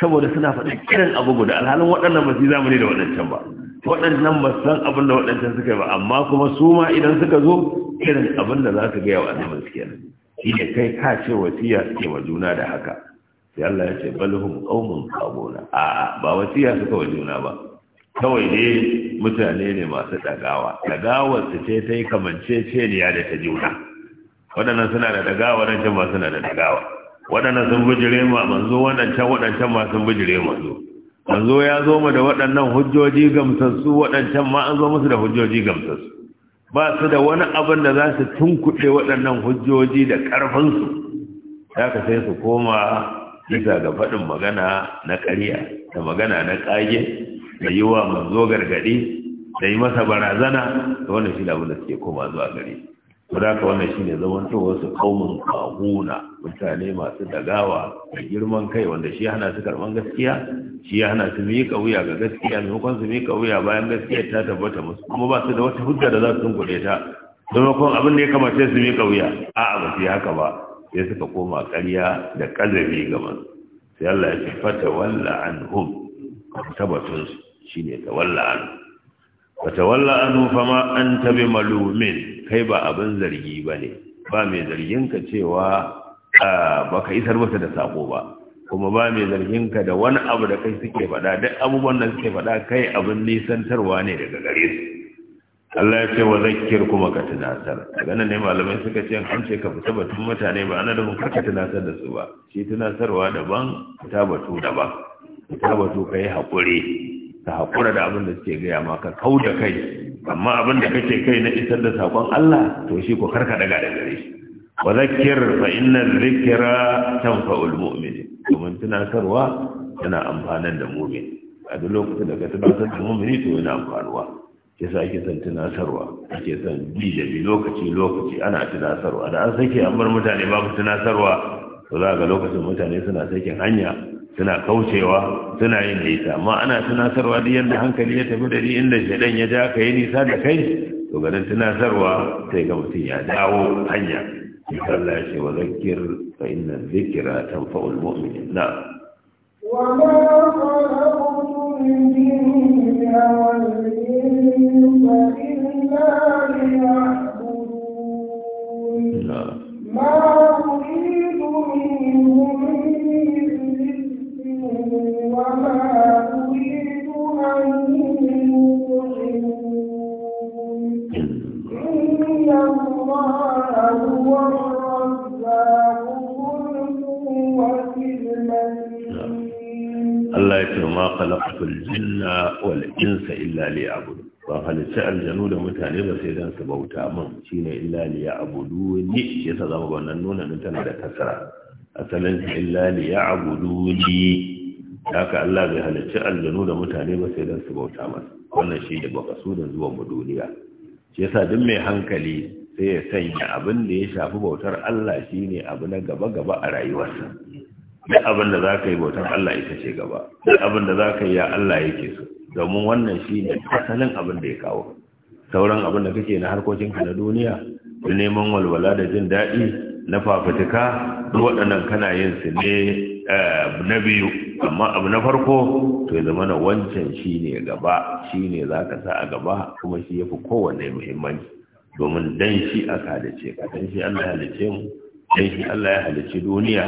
saboda suna faɗin kiran abu guda alhalin waɗannan ba su zamani da waɗancan ba waɗannan ba san abin da waɗancan suka yi ba amma kuma su ma idan suka zo kiran abin da za su gaya wa annabin su nan, shi ne kai ka ce wasiya suke wa juna da haka sai Allah ya ce balhum qaumun qabuna a'a ba wasiya suka wa juna ba kawai ne mutane ne masu dagawa dagawar su ce ta yi kamance ya da ta juna waɗannan suna da daga waɗancan ba suna da dagawa waɗannan sun bijire ma manzo waɗancan waɗancan ma sun bijire manzo manzo ya zo ma da waɗannan hujjoji gamsassu waɗancan ma an zo musu da hujjoji gamsassu ba su da wani abin da za su tunkuɗe waɗannan hujjoji da ƙarfinsu ya ka sai su koma bisa ga faɗin magana na ƙarya da magana na ƙage da yi wa manzo gargaɗi da yi masa barazana da wannan shi da abin da suke koma zuwa gare shi wadaka wannan shi ne zamantowar wasu kaumin Kahuna mutane masu dagawa da girman kai wanda shi hana su karban gaskiya shi ya hana su miƙa wuya ga gaskiya maimakon su miƙa wuya bayan gaskiya ta tabbata musu kuma ba su da wata hujja da za su tunkuɗe ta maimakon abin da ya kamata su miƙa wuya a'a ba su haka ba sai suka koma ƙarya da ƙazafi ga masu sai Allah ya ce fata walla hum tabbatun shine walla an an anhu fama an tabi malumin kai ba abin zargi ba ne ba mai zargin ka cewa ba ka isar masa da sako ba kuma ba mai zargin ka da wani abu da kai suke faɗa duk abubuwan da suke faɗa kai abin nisantarwa ne daga gare su Allah ya ce wa zakir kuma ka tunatar daga nan ne malamai suka ce an ce ka fita batun mutane ba ana da mun karka tunatar da su ba shi tunatarwa daban fita batu daban fita batu kai haƙuri ka haƙura da abin da suke gaya maka kau da kai amma abin da kake kai na isar da saƙon Allah to shi ko karka daga da gare shi wa zakir fa inna dhikra tanfa'ul mu'min tana karwa tana amfanan da mu'min a duk lokacin da ka tunatar da mu'mini to yana amfanuwa ya sa ake son tunatarwa ake son bi da bi lokaci lokaci ana sarwa da an sake an bar mutane babu tunasarwa, to za ga lokacin mutane suna sakin hanya suna kaucewa suna yin nisa amma ana tunatarwa duk yadda hankali ya tafi da ni inda shaidan ya ja ka yi nisa da kai to ganin tunatarwa sai ga mutum ya dawo hanya Allah ya ce wa zakir fa inna dhikra tanfa'ul mu'minin na wa ma khalaqtu min jinni insi illa liya'budun Allah ya ce ma khalaqatul jinna wal insa illa liya'budun ba halitta aljanu da mutane ba sai dan su bauta min shine illa liya'buduni yasa zama wannan nuna din tana da kasara asalin illa haka Allah bai halarci aljanu da mutane ba sai don su bauta masa wannan shi da baka su da zuwan mu duniya shi yasa duk mai hankali sai ya sanya abin da ya shafi bautar Allah shine abu na gaba gaba a rayuwarsa duk abin da za ka yi bautar Allah ita ce gaba duk abin da za ka yi ya Allah yake so domin wannan shine asalin abin da ya kawo sauran abin da kake na harkokin ka na duniya da neman walwala da jin daɗi na fafutuka duk waɗannan kana yin su ne eh, na biyu amma abu na farko to ya zama na wancan shi ne gaba shi ne za ka sa a gaba kuma shi ya fi kowane muhimmanci domin dan shi aka halice ka shi allah ya halice mu dan shi allah ya halice duniya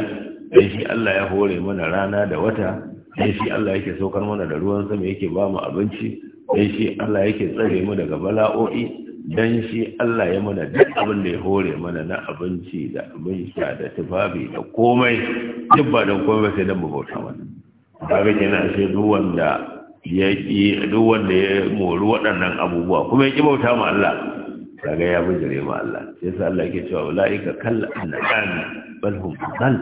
dan shi allah ya hore mana rana da wata dan shi allah yake saukar mana da ruwan sama yake ba mu abinci dan shi allah yake tsare mu daga bala'o'i dan shi Allah ya mana duk abin da ya hore mana na abinci da abin sha da tufafi da komai duk ba don komai sai dan bauta mana kaga kenan sai duk wanda ya ki duk wanda ya mori waɗannan abubuwa kuma ya ki bauta ma Allah kaga ya bijire ma Allah sai sa Allah yake cewa ulaika kal anam bal hum dal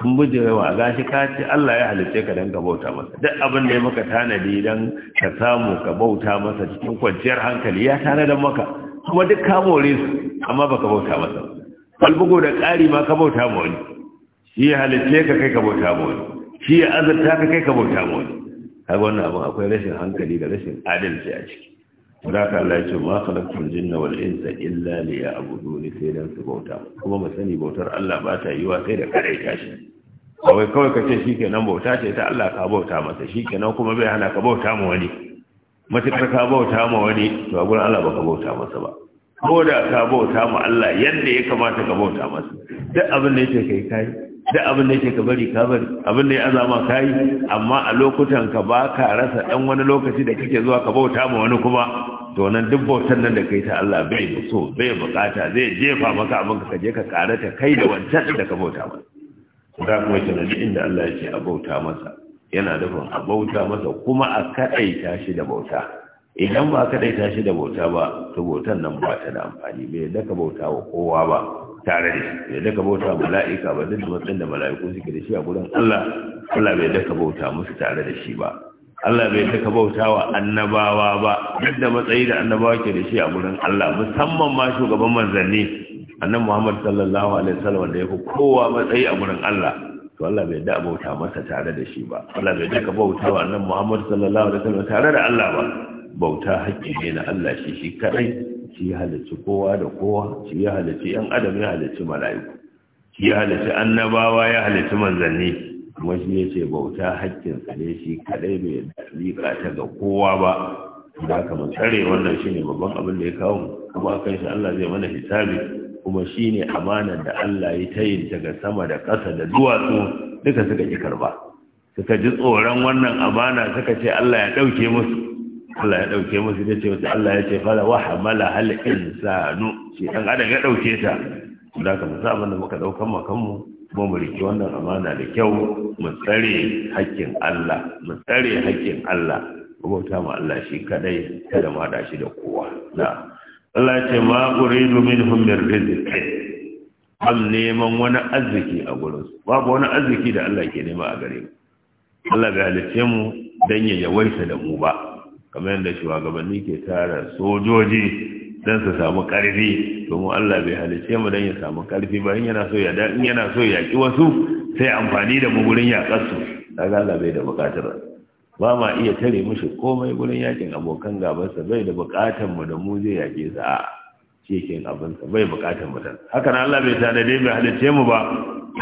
kun bujewa gashi ka ce Allah ya halice ka dan ka bauta masa duk abin da ya maka tanadi don ka samu ka bauta masa cikin kwanciyar hankali ya tanada maka kuma duk ka more su amma ba ka bauta masa bugu da ƙari ma ka bauta ma wani shi ya halice ka kai ka bauta ma wani shi ya azurta ka kai ka bauta ma wani kaga wannan abin akwai rashin hankali da rashin adalci a ciki da ka Allah ya ce ma khalaqtul jinna wal insa illa liya'buduni sai dan su bauta kuma mu sani bautar Allah ba ta yiwa sai da kare tashi. shi kawai kawai kace shikenan bauta ce ta Allah ka bauta masa shikenan kuma bai hana ka bauta mu wani matakar ka bauta mu wani to a gurin Allah baka bauta masa ba ko da ka bauta mu Allah yadda ya kamata ka bauta masa duk abin da yake kai kai duk abin da yake ka bari ka bari abin da ya azama kai amma a lokutan ka ba ka rasa dan wani lokaci da kake zuwa ka bauta ma wani kuma to nan duk bautan nan da kai ta Allah bai so bai bukata zai jefa maka abin ka je ka karata kai da wancan da ka bauta masa da kuma ne inda Allah ya ce a bauta masa yana da a bauta masa kuma a kadaita shi da bauta idan ba ka daita shi da bauta ba to bautan nan ba ta da amfani bai da ka bauta wa kowa ba tare da shi bai da ka bauta mala'ika ba duk matsayin da mala'iku suke da shi a gurin Allah Allah bai da ka bauta musu tare da shi ba Allah bai da ka bauta wa annabawa ba duk da matsayi da annabawa ke da shi a gurin Allah musamman ma shugaban manzanni annabi Muhammad sallallahu alaihi wasallam da yake kowa matsayi a gurin Allah to Allah bai da bauta masa tare da shi ba Allah bai da ka bauta wa annabi Muhammad sallallahu alaihi wasallam tare da Allah ba bauta haƙƙi ne na Allah shi shi kaɗai shi ya halarci kowa da kowa shi ya halarci ‘yan adam ya halarci mala'iku shi ya halarci annabawa ya halarci manzanni kuma shi ya ce bauta haƙƙin ne shi kaɗai bai liƙa ta ga kowa ba da aka mun tsare wannan shi ne babban abin da ya kawo kuma akan shi Allah zai mana hisabi kuma shi ne amanar da Allah ya ta yin daga sama da ƙasa da duwatsu duka suka ƙi karba suka ji tsoron wannan amana suka ce Allah ya ɗauke musu Allah ya dauke musu da ce Allah ya ce fara wa hamala hal insanu shi dan adam ya ɗauke ta da ka musa abin da muka daukan mu kanmu mu riƙe wannan amana da kyau mu tsare haƙƙin Allah mu tsare haƙƙin Allah mu ma Allah shi kadai kada mu hada shi da kowa na Allah ya ce ma uridu minhum min rizqin Am neman wani arziki a gurinsu babu wani arziki da Allah ke nema a gare mu Allah bai halitta mu dan ya yawaita da mu ba kamar yadda shugabanni ke tara sojoji don su samu karfi domin Allah bai halice mu don ya samu karfi ba in yana so ya in yana so ya ki wasu sai amfani da mu gurin yakar su daga Allah bai da bukatar ba ma iya tare mushi komai gurin yakin abokan gabansa bai da bukatar mu da mu zai yake sa cikin abinsa bai bukatar dan haka nan Allah bai tanade bai halice mu ba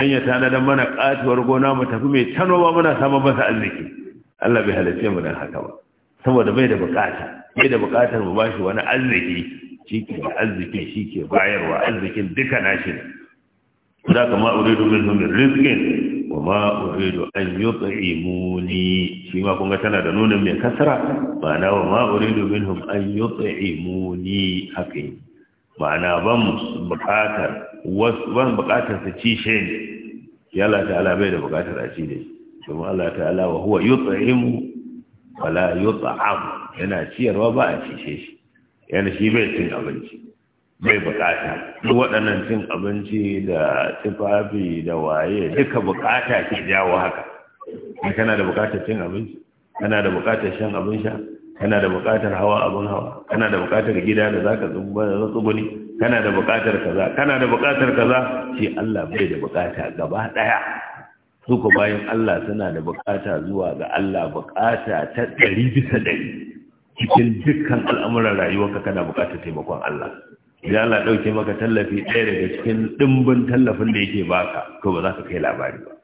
an ya tanada mana katuwar gona mu tafi mai tano ba muna samun masa arziki Allah bai halice mu dan haka ba saboda bai da bukata bai da bukatar mu bashi wani arziki shi ke da arziki shi ke bayarwa arzikin duka nashi ne za ka ma uridu min min rizqin wa ma uridu an yut'imuni shi ma kun ga tana da nunin mai kasra ma'ana wa ma uridu minhum an yut'imuni haka yi ma'ana ban bukatar ban bukatar su ci shi ne yalla ta'ala bai da bukatar a ci ne kuma Allah ta'ala wa huwa yut'imu wala yut'am yana ciyarwa ba a cishe shi yana shi bai cin abinci bai bukata duk waɗannan cin abinci da tufafi da waye duka bukata ke jawo haka in kana da bukatar cin abinci kana da bukatar shan abin sha kana da bukatar hawa abin hawa kana da bukatar gida da zaka tsuguni kana da bukatar kaza kana da bukatar kaza shi Allah bai da bukata gaba daya suku bayan Allah suna da bukata zuwa ga Allah bukata ta ɗari bisa ɗari cikin dukkan al'amuran rayuwarka kana bukatar taimakon Allah idan Allah ɗauke maka tallafi ɗaya daga cikin ɗimbin tallafin da yake baka ko ba za ka kai labari ba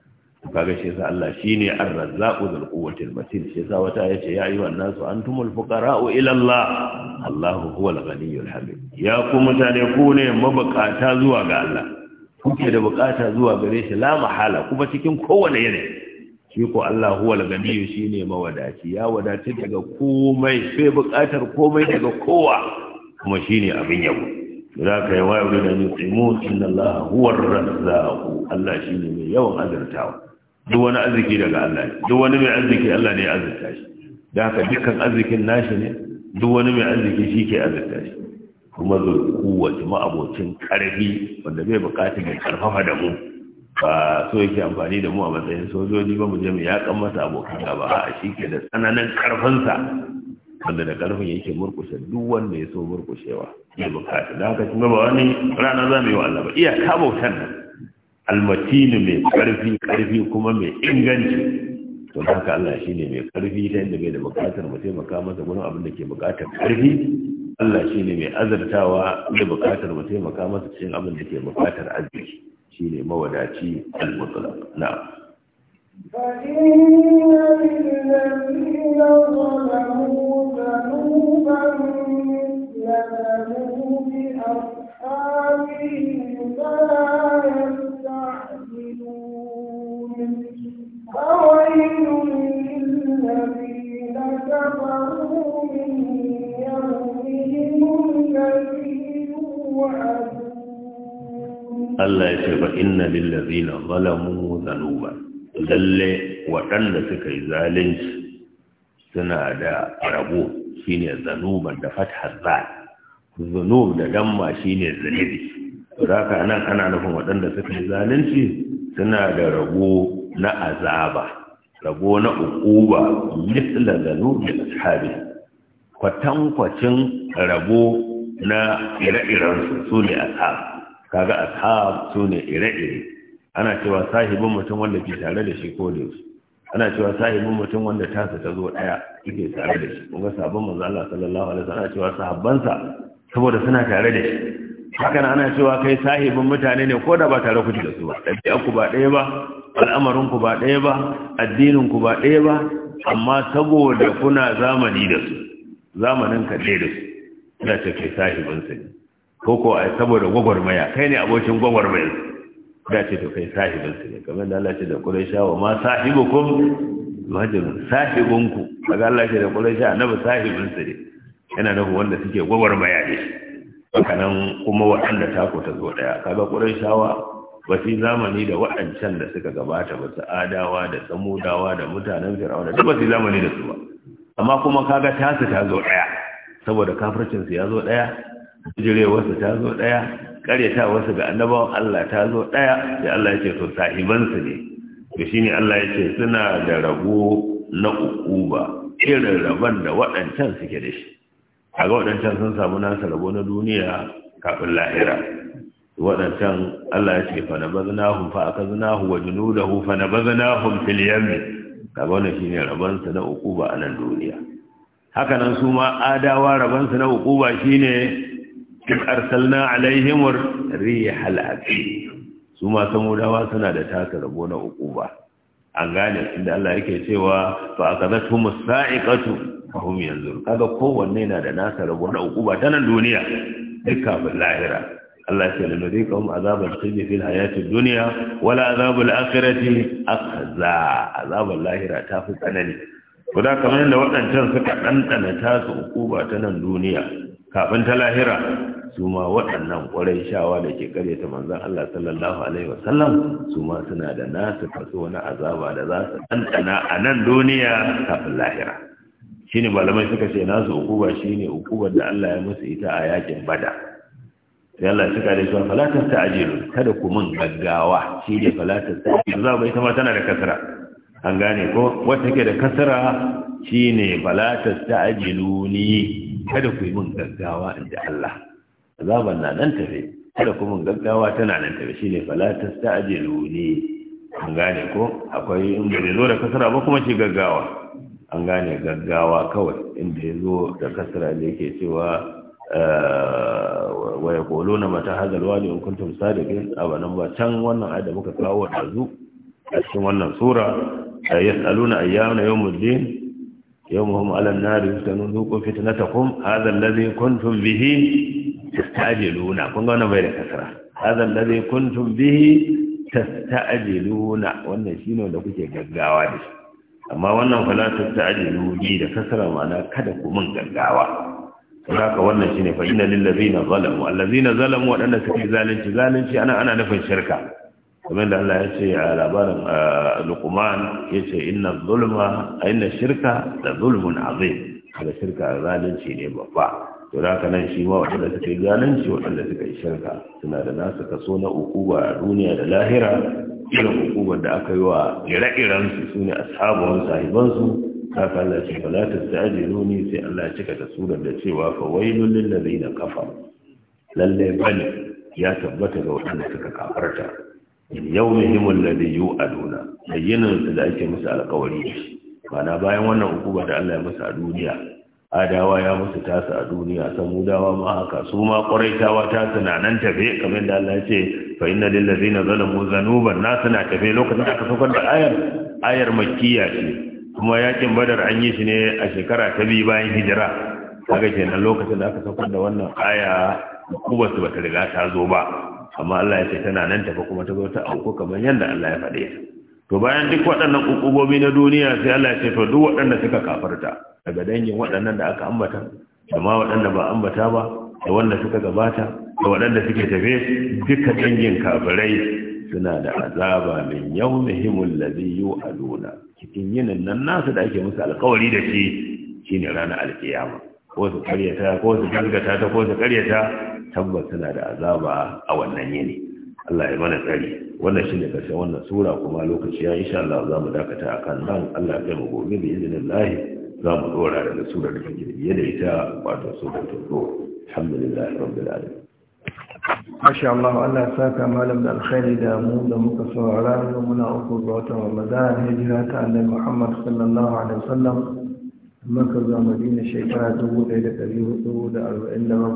kaga shi yasa Allah shine ar-razzaqu dhul quwwati al-matin shi yasa wata yace ya ayyuha an-nasu antumul fukara'u, ilallah Allah Allahu huwal ghaniyyul hamid ya ku mutane ku ne mabukata zuwa ga Allah kuke da bukata zuwa gare shi la mahala kuma cikin kowane yanayi shi ko Allah huwa al-ganiyyu shine mawadaci ya wadaci daga komai sai bukatar komai daga kowa kuma shine abin yabo zaka yi wayo da ni tsimun inna Allah huwa ar-razzaq Allah shine mai yawan azurtawa duk wani arziki daga Allah ne duk wani mai arziki Allah ne ya azurta shi da haka dukkan arzikin nashi ne duk wani mai arziki shi ke azurta shi kuma zulkuwaci ma'abocin ƙarfi wanda bai buƙatar ya ƙarfafa da mu ba so yake amfani da mu a matsayin sojoji ba mu je mu yaƙan masa abokan ba a shi ke da tsananin ƙarfinsa wanda da ƙarfin yake murkushe duk wanda ya so murkushewa ya buƙata da haka kuma ba wani rana za mu yi wa Allah ba iya ka bautan nan almatinu mai ƙarfi ƙarfi kuma mai inganci don haka Allah shi ne mai ƙarfi ta inda bai da buƙatar mu taimaka masa wurin abin da ke buƙatar ƙarfi Allah shi ne mai azartawa da bukatar mu taimaka masa cikin abin da ke bukatar arziki shi ne mawadaci al-mutlaq na'am فويل للذين كفروا من Allah ya ce ba inna lillazina zalamu zanuba lalle waɗanda suka yi zalunci suna da rabo shine zanuban da fathar zal zunub da damma shine za zaka nan ana nufin waɗanda suka yi zalunci suna da rabo na azaba rabo na uquba da zanubi ashabi kwatankwacin rabo na ire-irensu su ne a ta kaga ta su ne ire-ire ana cewa sahibin mutum wanda ke tare da shi ko da shi ana cewa sahibin mutum wanda tasa ta zo daya ke tare da shi kuma sabon manzo Allah sallallahu alaihi wasallam ana cewa sahabbansa saboda suna tare da shi hakan ana cewa kai sahibin mutane ne ko da ba tare kuke da su ba ɗabi'ar ku ba ɗaya ba al'amarin ku ba ɗaya ba addinin ku ba ɗaya ba amma saboda kuna zamani da su zamanin ka ɗaya da su ina ce kai sahibinsa ne ko ko a saboda gwagwarmaya kai ne abokin gwagwarmaya da ce to kai sahibinsa ne kamar da Allah ce da Quraisha wa ma sahibukum majnun sahibunku kaga Allah ce da Quraisha annabi sahibinsa ne yana nufin wanda suke gwagwarmaya ne haka nan kuma waɗanda tako ta zo daya kaga Quraishawa wa wasi zamani da waɗancan da suka gabata ba su adawa da samudawa da mutanen fir'auna duk wasi zamani da su ba amma kuma kaga su ta zo daya saboda kafircinsu ya zo ɗaya jirewarsu ta zo ɗaya ƙaryatawarsu ga annabawan Allah ta zo ɗaya sai Allah ya ce to sahibansu ne to shine Allah ya ce suna da rabo na ukuba irin rabon da waɗancan suke da shi kaga waɗancan sun samu nasa rabo na duniya kafin lahira waɗancan Allah ya ce fa nabaznahum fa akaznahu wa junudahu fa nabaznahum fil yam kaga wannan shine ne rabonsa na ukuba a nan duniya haka nan su ma adawa rabansu na hukuba shine in arsalna alaihim rihal Suma su ma samudawa suna da taka rabo na hukuba an gane inda Allah yake cewa fa akadathum musa'ikatu saiqatu fahum yanzur kaga kowanne na da nasa rabo na hukuba ta nan duniya dukkan bil lahira Allah ya lalabe kawun azabar khizi fil hayatid dunya wala azabul akhirati akhza azabul lahira ta fi tsanani Kuda kamar yadda waɗancan suka ɗanɗana tasu ukuba ta nan duniya kafin ta lahira su ma waɗannan ƙwarai shawa da ke ta manzan Allah sallallahu Alaihi wasallam su ma suna da nasu kaso na azaba da za su ɗanɗana a nan duniya kafin lahira shi ne malamai suka ce nasu ukuba shi ne ukubar da Allah ya musu ita a yakin bada sai Allah suka da cewa falatar ta ajiru kada ku mun gaggawa shi ne falatar ta ajiru za ita ma tana da kasara an gane ko wata ke da kasara shine balatas ta ni kada ku yi min gaggawa inda Allah azaban na nan tafe kada ku min gaggawa tana nan tafe shine balatas ta ni an gane ko akwai inda ya zo da kasara ba kuma shi gaggawa an gane gaggawa kawai inda ya zo da kasara da yake cewa wa ya kolo na mata hazalwa ne in kuntum sadiqin abanan ba can wannan ayyuka da muka kawo da zu a cikin wannan sura da yas'aluna ayyana yawmuddin yawmuhum 'alan nari tanzuqu fitnatakum hadha alladhi Kuntun, bihi tastajiluna kun ga wani bai da kasara hadha alladhi Kuntun, bihi tastajiluna wannan shi ne da kuke gaggawa da shi amma wannan fala tastajilu bi da kasara ma'ana kada ku mun gaggawa ka wannan shine fa inna lil ladina zalamu allazina zalamu wadanda suke zalunci zalunci ana ana nufin shirka kamar da Allah ya ce a labarin lukman ya ce inna zulma a ina shirka da zulmun azim daga shirka a zalunci ne babba to da haka nan shi ma waɗanda suka yi zalunci waɗanda suka yi shirka suna da nasu kaso na ukuba a duniya da lahira irin ukubar da aka yi wa ire-iren su ne ne ashabuwan sahibansu haka Allah ce ba za ta ta'ajiru nuni sai Allah cika da surar da cewa lullun da zai na kafa Lallai bane ya tabbata ga waɗanda suka kafarta yawmihim alladhi yu'aduna ayyinin da ake musu alƙawari Bana bayan wannan hukuma da Allah ya musu a duniya adawa ya musu tasu a duniya dawa ma haka su ma ƙuraitawa ta na nan tafe kamar da Allah ya ce fa inna lil ladhina zalamu zanuban nasu na tafe lokacin da aka saukar da ayar ayar makkiya ce kuma yakin badar an yi shi ne a shekara ta biyu bayan hijira kaga kenan lokacin da aka saukar da wannan aya hukumar su bata riga ta zo ba amma Allah ya ce tana nan tafi kuma ta zo ta auku kamar yadda Allah ya faɗe ta to bayan duk waɗannan kukubobi na duniya sai Allah ya ce to duk waɗanda suka kafarta daga dangin waɗannan da aka ambata da ma waɗanda ba ambata ba da wanda suka gabata da waɗanda suke tafe duka dangin kafirai suna da azaba min yawmihimul ladhi yu'aduna cikin yinin nan nasu da ake musu alƙawari da shi shine ranar alkiyama ko su karyata ko su gaskata ta ko su karyata tabbas suna da azaba a wannan yini Allah ya mana tsari wannan shine karshen wannan sura kuma lokaci ya insha Allah za mu dakata akan nan Allah ya mu gobe bi idinillah za mu dora daga surar da take biye da ita wato surar ta zo alhamdulillah rabbil alamin Masha Allah Allah saka malam da alkhairi da mu da muka saurara muna uku ga watan Ramadan hijira ta Annabi Muhammad sallallahu alaihi wasallam maka zuwa madina shekara 1447